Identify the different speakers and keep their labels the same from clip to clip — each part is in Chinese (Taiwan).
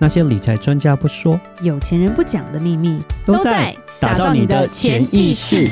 Speaker 1: 那些理財專家不說，
Speaker 2: 有錢人不講的秘密，都在打造你的潛意識。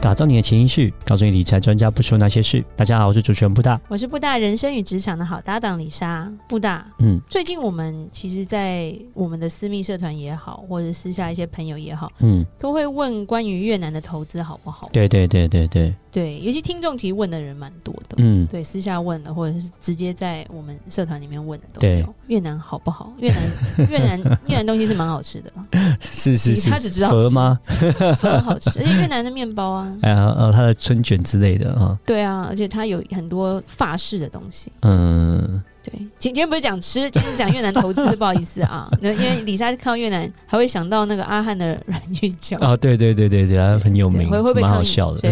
Speaker 1: 打造你的潛意識，告訴你理財專家不說那些事。大家好，我是主持人布大，
Speaker 2: 我是布大人生與職場的好搭檔里莎。布大，嗯，最近我們其實，在我們的私密社團也好，或者私下一些朋友也好，嗯，都會問關於越南的投資好不好？
Speaker 1: 對對對對對。
Speaker 2: 對，有些聽眾其實問的人蠻多的，嗯，對，私下問的或者是直接在我們社團裡面問的都有。對越南好不好？越南越南 越南東西是蠻好吃的，是是是，他只知道河粉嗎？河粉 好吃，而且越南的麵包啊，哎呀，呃、哦，
Speaker 1: 他的春捲之類的
Speaker 2: 啊，哦、對啊，而且他有很多法式的東西，嗯。對，今天不是講吃，今天講越南投資， 不好意思啊。那因為李莎看到越南，還會想到那個阿翰的軟芋角
Speaker 1: 啊，對對對對對，他很有名，會不會被看好笑的，對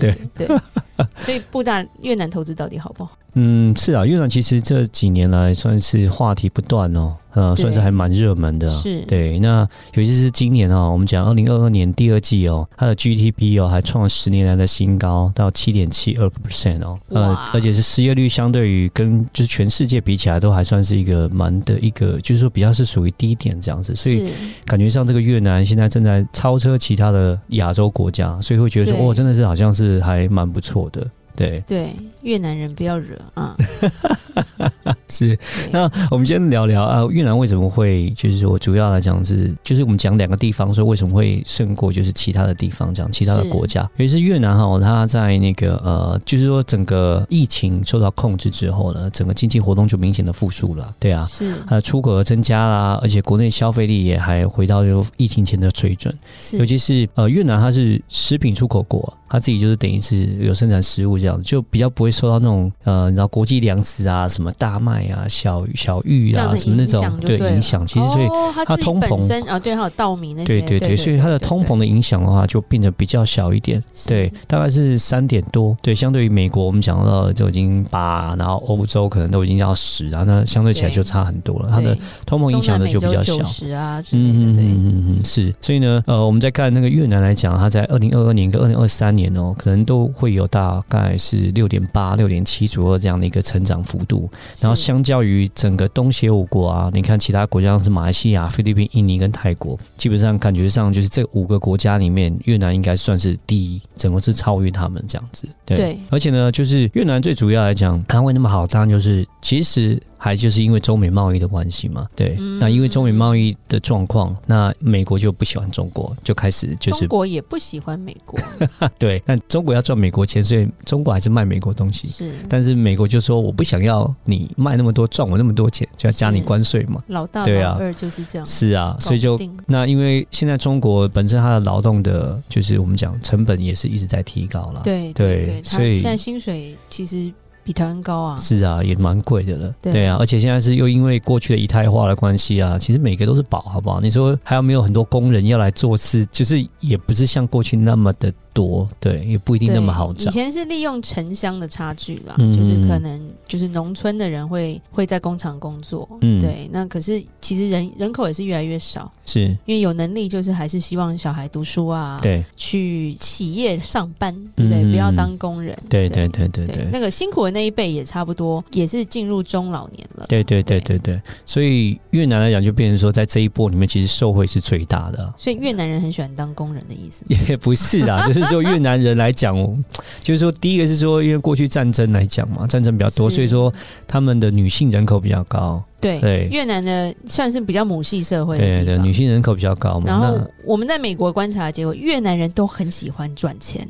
Speaker 1: 對。對
Speaker 2: 所以，布大越南投資到底好不好？嗯，
Speaker 1: 是啊，越南其實這幾年來算是話題不斷哦，呃，對算是還蠻熱門的。是對，那尤其是今年哦，我們講二零二二年第二季哦，它的 GDP 哦還創了十年來的新高到，到七點七二個 percent 哦，哇呃，而且是失業率相對於跟就是全世界比起來都還算是一個蠻的一個，就是說比較是屬於低點這樣子，所以感覺上這個越南現在正在超車其他的亞洲國家，所以會覺得說，對哦，真的是好像是還蠻不錯。我的對
Speaker 2: 對，越南人不要惹啊，嗯、
Speaker 1: 是 Okay. 那我們先聊聊啊，越南為什麼會就是說主要來講是，就是我們講兩個地方，說為什麼會勝過就是其他的地方，講其他的國家，是尤其是越南哈、哦，它在那個呃，就是說整個疫情受到控制之後呢，整個經濟活動就明顯的復甦了，對啊，是它、呃、出口增加啦，而且國內消費力也還回到就疫情前的水準，是尤其是呃越南它是食品出口國。他自己就是等於是有生產食物這樣子，就比較不會受到那種呃，然後國際糧食啊、什麼大麥啊、小小玉啊什麼那種對影響。了其實所以它通膨啊，
Speaker 2: 對、哦，還有稻米那些，對對對，所以它
Speaker 1: 的通膨的影響的話，就變得比較小一點。對，大概是三點多。對，相對於美國，我們講到就已經八，然後歐洲可能都已經要十啊，那相對起來就差很多了。它對的通膨影響的就比較小。嗯嗯嗯嗯嗯，是，對對對對是。所以呢，呃，我們在看那個越南來講，它在二零二二年跟二零二三年。哦，可能都會有大概是六點八、六點七左右這樣的一個成長幅度，是然後相較於整個東協五國啊，你看其他國家像是馬來西亞、菲律賓、印尼跟泰國，基本上感覺上就是這五個國家裡面，越南應該算是第一，整個是超越他們這樣子。對，對而且呢，就是越南最主要來講，它會那麼好，當然就是其實。還就是因為中美貿易的關係嘛，對。嗯嗯，那因為中美貿易的狀況，那美國就不喜歡中國，就開始就是中
Speaker 2: 國也不喜歡美國。
Speaker 1: 對，但中國要賺美國錢，所以中國還是賣美國東西。是，但是美國就說我不想要你賣那麼多賺我那麼多錢，就要加你關稅嘛。老大老
Speaker 2: 二就是
Speaker 1: 這樣。對啊是啊，所以就，那因為現在中國本身它的勞動的就是我們講成本也是一直在提高了。
Speaker 2: 對對、嗯、對，對所以現在薪水其實比台灣高啊，
Speaker 1: 是啊，也蠻貴的了，對，對啊，而且現在是又因為過去的一胎化的關係啊，其實每個都是寶，好不好？你說還有沒有很多工人要來做事，就是也不是像過去那麼的。多對，也不一定那麼好找。以前
Speaker 2: 是利用城鄉的差距啦，就是可能就是農村的人會會在工廠工作，對。那可是其實人人口也是越來越少，是因為有能力就是還是希望小孩讀書啊，對，去企業上班，對，不要當工人，對對
Speaker 1: 對對對。那
Speaker 2: 個辛苦的那一輩也差不多也是進入中老年
Speaker 1: 了，對對對對對。所以越南來講，就變成說在這一波裡面，其實受惠是最大的。
Speaker 2: 所以越南人很喜歡當工人的意思？
Speaker 1: 也不是啊，就是。就越南人來講，就是說，第一個是說，因為過去戰爭來講嘛，戰爭比較多，是所以說他們的女性人口比較高。
Speaker 2: 對，越南的算是比較母系社會，對
Speaker 1: 對，女性人口比較高嘛。然後
Speaker 2: 我們在美國觀察的結果，越南人都很喜歡賺錢。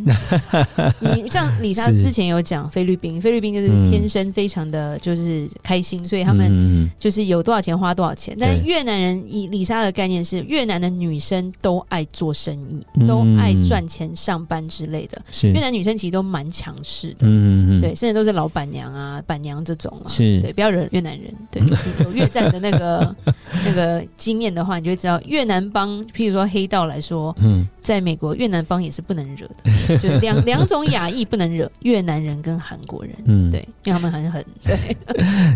Speaker 2: 你像里莎之前有講菲律賓，菲律賓就是天生非常的就是開心，所以他們就是有多少錢花多少錢。但越南人以里莎的概念是，越南的女生都愛做生意，都愛賺錢、上班之類的。越南女生其實都蠻強勢的，嗯嗯，對，甚至都是老板娘啊、板娘這種啊。是，對，不要惹越南人，對。有越戰的那個那個經驗的話，你就知道越南幫，譬如說黑道來說，嗯，在美國越南幫也是不能惹的。對、嗯，就兩兩種亞裔不能惹，越南人跟韓國人。嗯，對，因為他們很狠。對，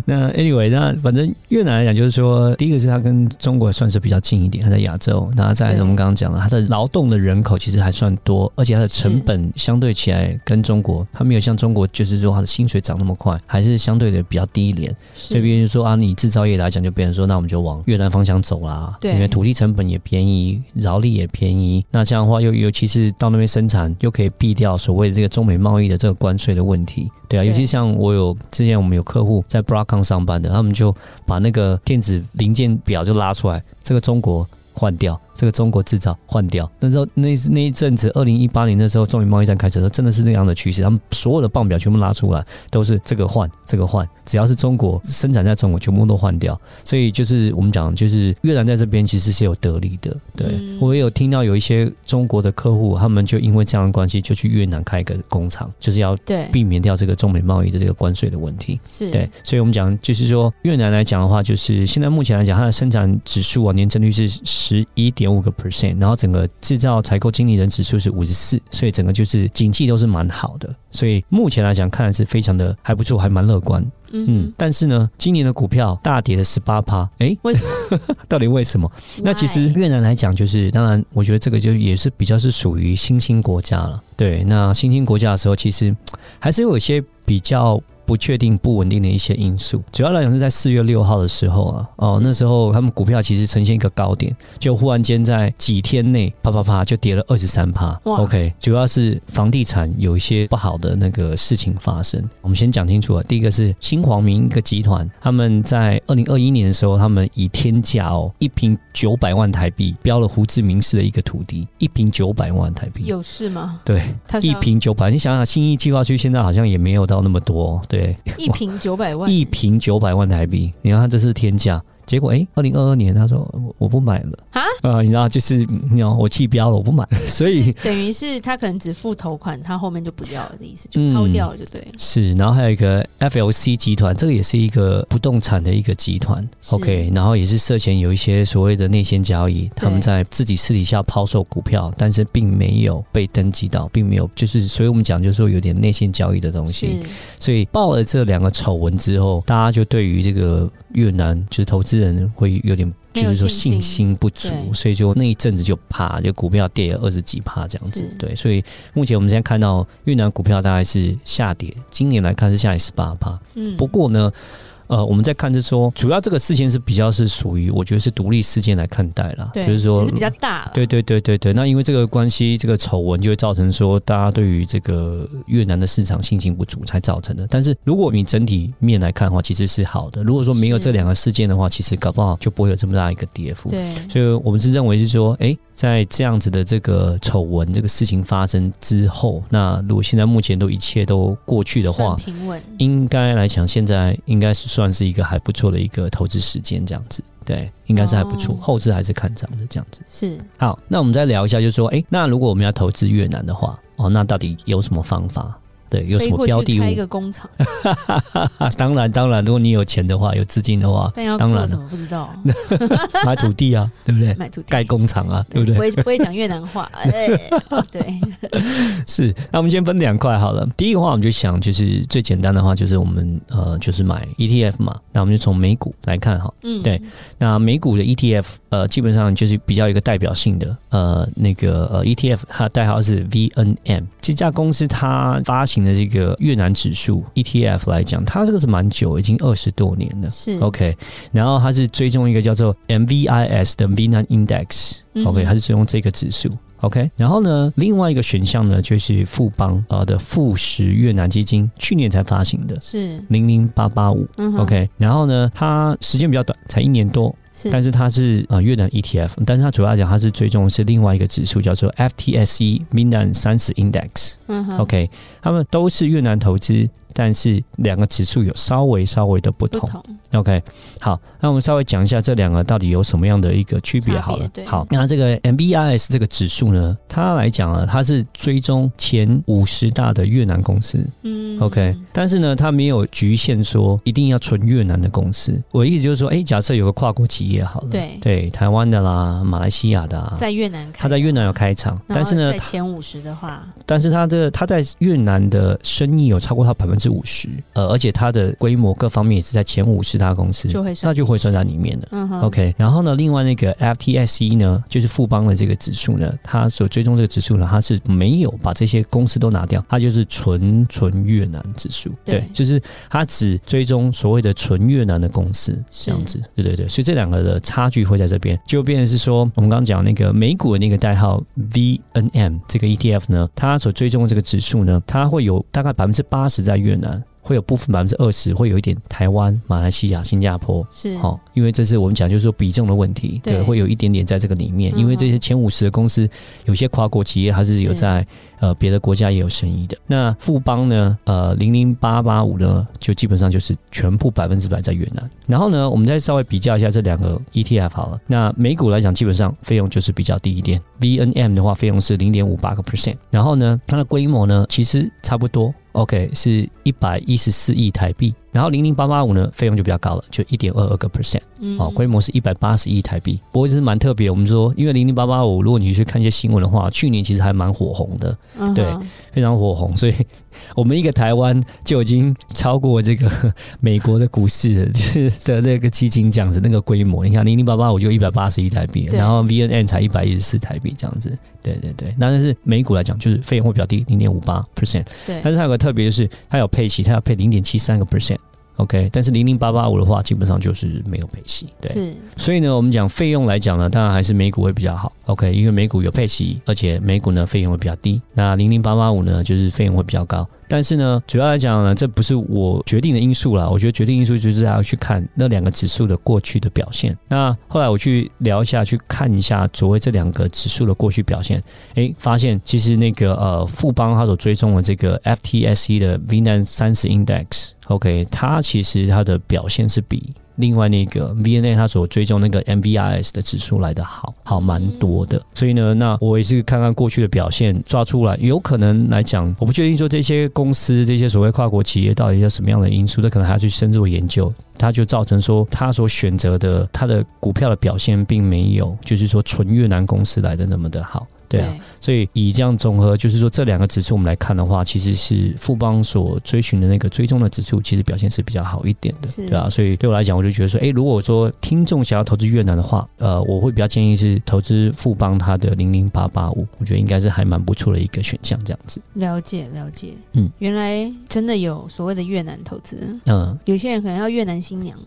Speaker 1: 那 anyway，那反正越南來講，就是說，第一個是他跟中國算是比較近一點，他在亞洲，然後在我們剛剛講的，對他的勞動的人口其實還算多，而且他的成本相對起來跟中國，是他沒有像中國就是說他的薪水漲那麼快，還是相對的比較低廉。是這邊就是說啊，你自製造業來講，就變成說，那我們就往越南方向走啦，對因為土地成本也便宜，勞力也便宜。那這樣的話又，又尤其是到那邊生產，又可以避掉所謂的這個中美貿易的這個關稅的問題。對啊，尤其對像我有之前我們有客戶在 Broadcom 上班的，他們就把那個電子零件表就拉出來，這個中國換掉。這個中國製造換掉，那時候那那一陣子，二零一八年的時候，中美貿易戰開始的時候，真的是那樣的趨勢。他們所有的報表全部拉出來，都是這個換，這個換，只要是中國生產在中國，全部都換掉。所以就是我們講，就是越南在這邊其實是有得利的。對、嗯、我也有聽到有一些中國的客戶，他們就因為這樣的關係，就去越南開一個工廠，就是要避免掉這個中美貿易的這個關稅的問題。是對，所以我們講，就是說越南來講的話，就是現在目前來講，它的生產指數啊，年增率是十一點。有五個 percent，然後整個制造採購經理人指數是五十四，所以整個就是景氣都是蠻好的，所以目前來講看來是非常的還不錯，還蠻樂觀。嗯,哼嗯，但是呢，今年的股票大跌了十八趴，誒、欸，為 What? 到底為什麼？Why? 那其實越南來講，就是當然，我覺得這個就也是比較是屬於新興國家了。對，那新興國家的時候，其實還是有一些比較。不確定、不穩定的一些因素，主要來講是在四月六號的時候啊，哦，是那時候他們股票其實呈現一個高點，就忽然間在幾天內啪啪啪啪就跌了二十三趴。哇 OK，主要是房地產有一些不好的那個事情發生。我們先講清楚啊，第一個是新黃明一個集團，他們在二零二一年的時候，他們以天價哦，一坪九百萬台幣標了胡志明市的一個土地，一坪九百萬台幣
Speaker 2: 有事嗎？
Speaker 1: 對，他是一坪九百，你想想信義計劃區現在好像也沒有到那麼多。對對，一
Speaker 2: 瓶九百萬，一
Speaker 1: 瓶九百萬台幣，你看他這是天價。結果，哎、欸，二零二二年，他說我我不買了啊。呃、嗯，你知道就是，你知道我棄標了，我不買，所以
Speaker 2: 等於是他可能只付頭款，他後面就不要了的意思，就拋掉了，就對了、嗯。
Speaker 1: 是，然後還有一個 F L C 集團，這個也是一個不動產的一個集團是，OK，然後也是涉嫌有一些所謂的內線交易，對他們在自己私底下拋售股票，但是並沒有被登記到，並沒有，就是，所以我們講就是說有點內線交易的東西。是所以爆了這兩個醜聞之後，大家就對於這個越南就是投資人會有點。就是說信心不足，所以就那一陣子就怕，就股票跌了二十幾趴這樣子。是對，所以目前我們現在看到越南股票大概是下跌，今年來看是下跌十八趴。嗯，不過呢。呃，我們在看是說，主要這個事件是比較是屬於，我覺得是獨立事件來看待啦，對就是說，是比較大，對對對對對。那因為這個關係，這個醜聞就會造成說，大家對於這個越南的市場信心不足才造成的。但是如果你整體面來看的話，其實是好的。如果說沒有這兩個事件的話，是其實搞不好就不會有這麼大一個跌幅。對，所以我們是認為是說，哎、欸。在這樣子的這個醜聞，這個事情發生之後，那如果現在目前都一切都過去的話，平穩，應該來講，現在應該是算是一個還不錯的一個投資時間，這樣子，對，應該是還不錯，哦、後市還是看漲的，這樣子是。好，那我們再聊一下，就是說，哎、欸，那如果我們要投資越南的話，哦，那到底有什麼方法？對，有什麼標的物？開一個工廠， 當然當然，如果你有錢的話，有資金的話，當然，當然
Speaker 2: 麼不知道？
Speaker 1: 然啊、 買土地啊，對不對？買土地蓋工廠啊，對，對不對？不會不會講
Speaker 2: 越南話，對
Speaker 1: 對，是。那我們先分兩塊好了。第一個話，我們就想就是最簡單的話，就是我們呃，就是買 ETF 嘛。那我們就從美股來看哈，嗯，對。那美股的 ETF 呃，基本上就是比較一個代表性的呃那個呃 ETF，它代號是 VNM，這家公司它發行，的這個越南指數 ETF 來講，它這個是蠻久，已經二十多年了。是 OK，然後它是追蹤一個叫做 MVIS 的 Vietnam Index，OK，它是追蹤這個指數。OK，然後呢，另外一個選項呢就是富邦啊、呃、的富時越南基金，去年才發行的，是零零八八五。OK，然後呢，它時間比較短，才一年多。但是它是啊、呃、越南 ETF，但是它主要來講，它是追蹤的是另外一個指數叫做 FTSE 越南三十 Index，OK，它們都是越南投資。但是兩個指數有稍微稍微的不同。不同 OK，好，那我們稍微講一下這兩個到底有什麼樣的一個區別好了。對好，那這個 MBIS 這個指數呢，它來講呢、啊，它是追蹤前五十大的越南公司。嗯。OK，但是呢，它沒有局限說一定要純越南的公司。我的意思就是說，哎、欸，假設有個跨國企業好了，對對，台灣的啦，馬來西亞的、啊，在越南
Speaker 2: 開、
Speaker 1: 啊，他在越南有開廠，但是呢，
Speaker 2: 前五十的話，
Speaker 1: 但是他這他在越南的生意有超過他百分之。五十，呃，而且它的規模各方面也是在前五十大公司，就會算就會算在裡面的。嗯、哼 OK，然後呢，另外那個 FTSE 呢，就是富邦的這個指數呢，它所追蹤這個指數呢，它是沒有把這些公司都拿掉，它就是純純越南指數，對，對，就是它只追蹤所謂的純越南的公司是這樣子。對對對，所以這兩個的差距會在這邊，就變成是說，我們剛剛講那個美股的那個代號 VNM 這個 ETF 呢，它所追蹤的這個指數呢，它會有大概百分之八十在越南。南會有部分百分之二十，會有一點台灣、馬來西亞、新加坡是好、哦，因為這是我們講就是說比重的問題，對，對，會有一點點在這個裡面。嗯、哼因為這些前五十的公司，有些跨國企業還是有在呃是別的國家也有生意的。那富邦呢，呃，零零八八五呢，就基本上就是全部百分之百在越南。然後呢，我們再稍微比較一下這兩個 ETF 好了。那美股來講，基本上費用就是比較低一點。VNM 的話，費用是零點五八個 percent。然後呢，它的規模呢，其實差不多。OK，是一百一十四億台幣。然後零零八八五呢，費用就比較高了，就一點二二個 percent，哦，規模是一百八十億台幣。不過就是蠻特別，我們說，因為零零八八五，如果你去看一些新聞的話，去年其實還蠻火紅的，uh huh. 對，非常火紅，所以我們一個台灣就已經超過這個美國的股市的這、就是、個基金這樣子，那個規模，你看零零八八五就一百八十億台幣，對然後 V N N 才一百一十四台幣這樣子，對對對，那但是美股來講，就是費用會比較低，零點五八 percent，對，但是它有個特別就是它有配息，它要配零點七三個 percent。OK，但是00885的話，基本上就是沒有配息，對。是。所以呢，我們講費用來講呢，當然還是美股會比較好。OK，因為美股有配息，而且美股呢費用會比較低。那00885呢，就是費用會比較高。但是呢，主要來講呢，這不是我決定的因素啦，我覺得決定因素就是還要去看那兩個指數的過去的表現。那後來我去聊一下，去看一下所謂這兩個指數的過去表現。哎，發現其實那個呃富邦它所追蹤的這個 FTSE 的 VN 三十 Index，OK，okay，它其實它的表現是比另外那個 VNA 他所追蹤那個 MVIS 的指數來的好好蠻多的，所以呢，那我也是看看過去的表現抓出來，有可能來講，我不確定說這些公司這些所謂跨國企業到底是什麼樣的因素，這可能還要去深入研究，他就造成說他所選擇的他的股票的表現並沒有，就是說純越南公司來的那麼的好。對、啊，所以以這樣綜合，就是說這兩個指數我們來看的話，其實是富邦所追尋的那個追蹤的指數，其實表現是比較好一點的，是對啊。所以對我來講，我就覺得說，哎，如果說聽眾想要投資越南的話，呃，我會比較建議是投資富邦它的零零八八五，我覺得應該是還蠻不錯的一個選項，這樣子。
Speaker 2: 了解，了解，嗯，原來真的有所謂的越南投資，嗯，有些人可能要越南新娘，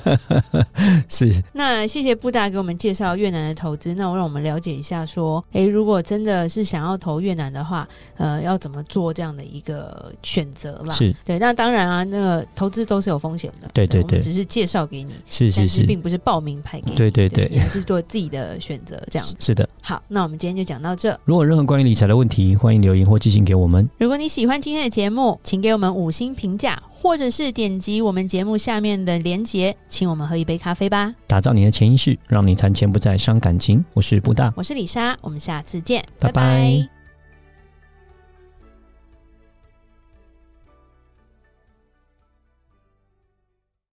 Speaker 1: 是。
Speaker 2: 那謝謝布大給我們介紹越南的投資，那我讓我們了解一下說。誒，如果真的是想要投越南的話，呃，要怎麼做這樣的一個選擇啦？是，對，那當然啊，那個投資都是有風險的，對對對，對我們只是介紹給你，是是是，但是並不是報明牌給你，對，對，對，對，你還是做自己的選擇這樣子，是的。好，那我們今天就講到這。
Speaker 1: 如果有任何關於理財的問題，歡迎留言或寄信給我們。
Speaker 2: 如果你喜歡今天的節目，請給我們五星評價，或者是點擊我們節目下面的連結，請我們喝一杯咖啡吧。
Speaker 1: 打造你的錢意識，讓你談錢不再傷感情。我是布大，
Speaker 2: 我是里莎，我們下次見，拜拜。拜拜。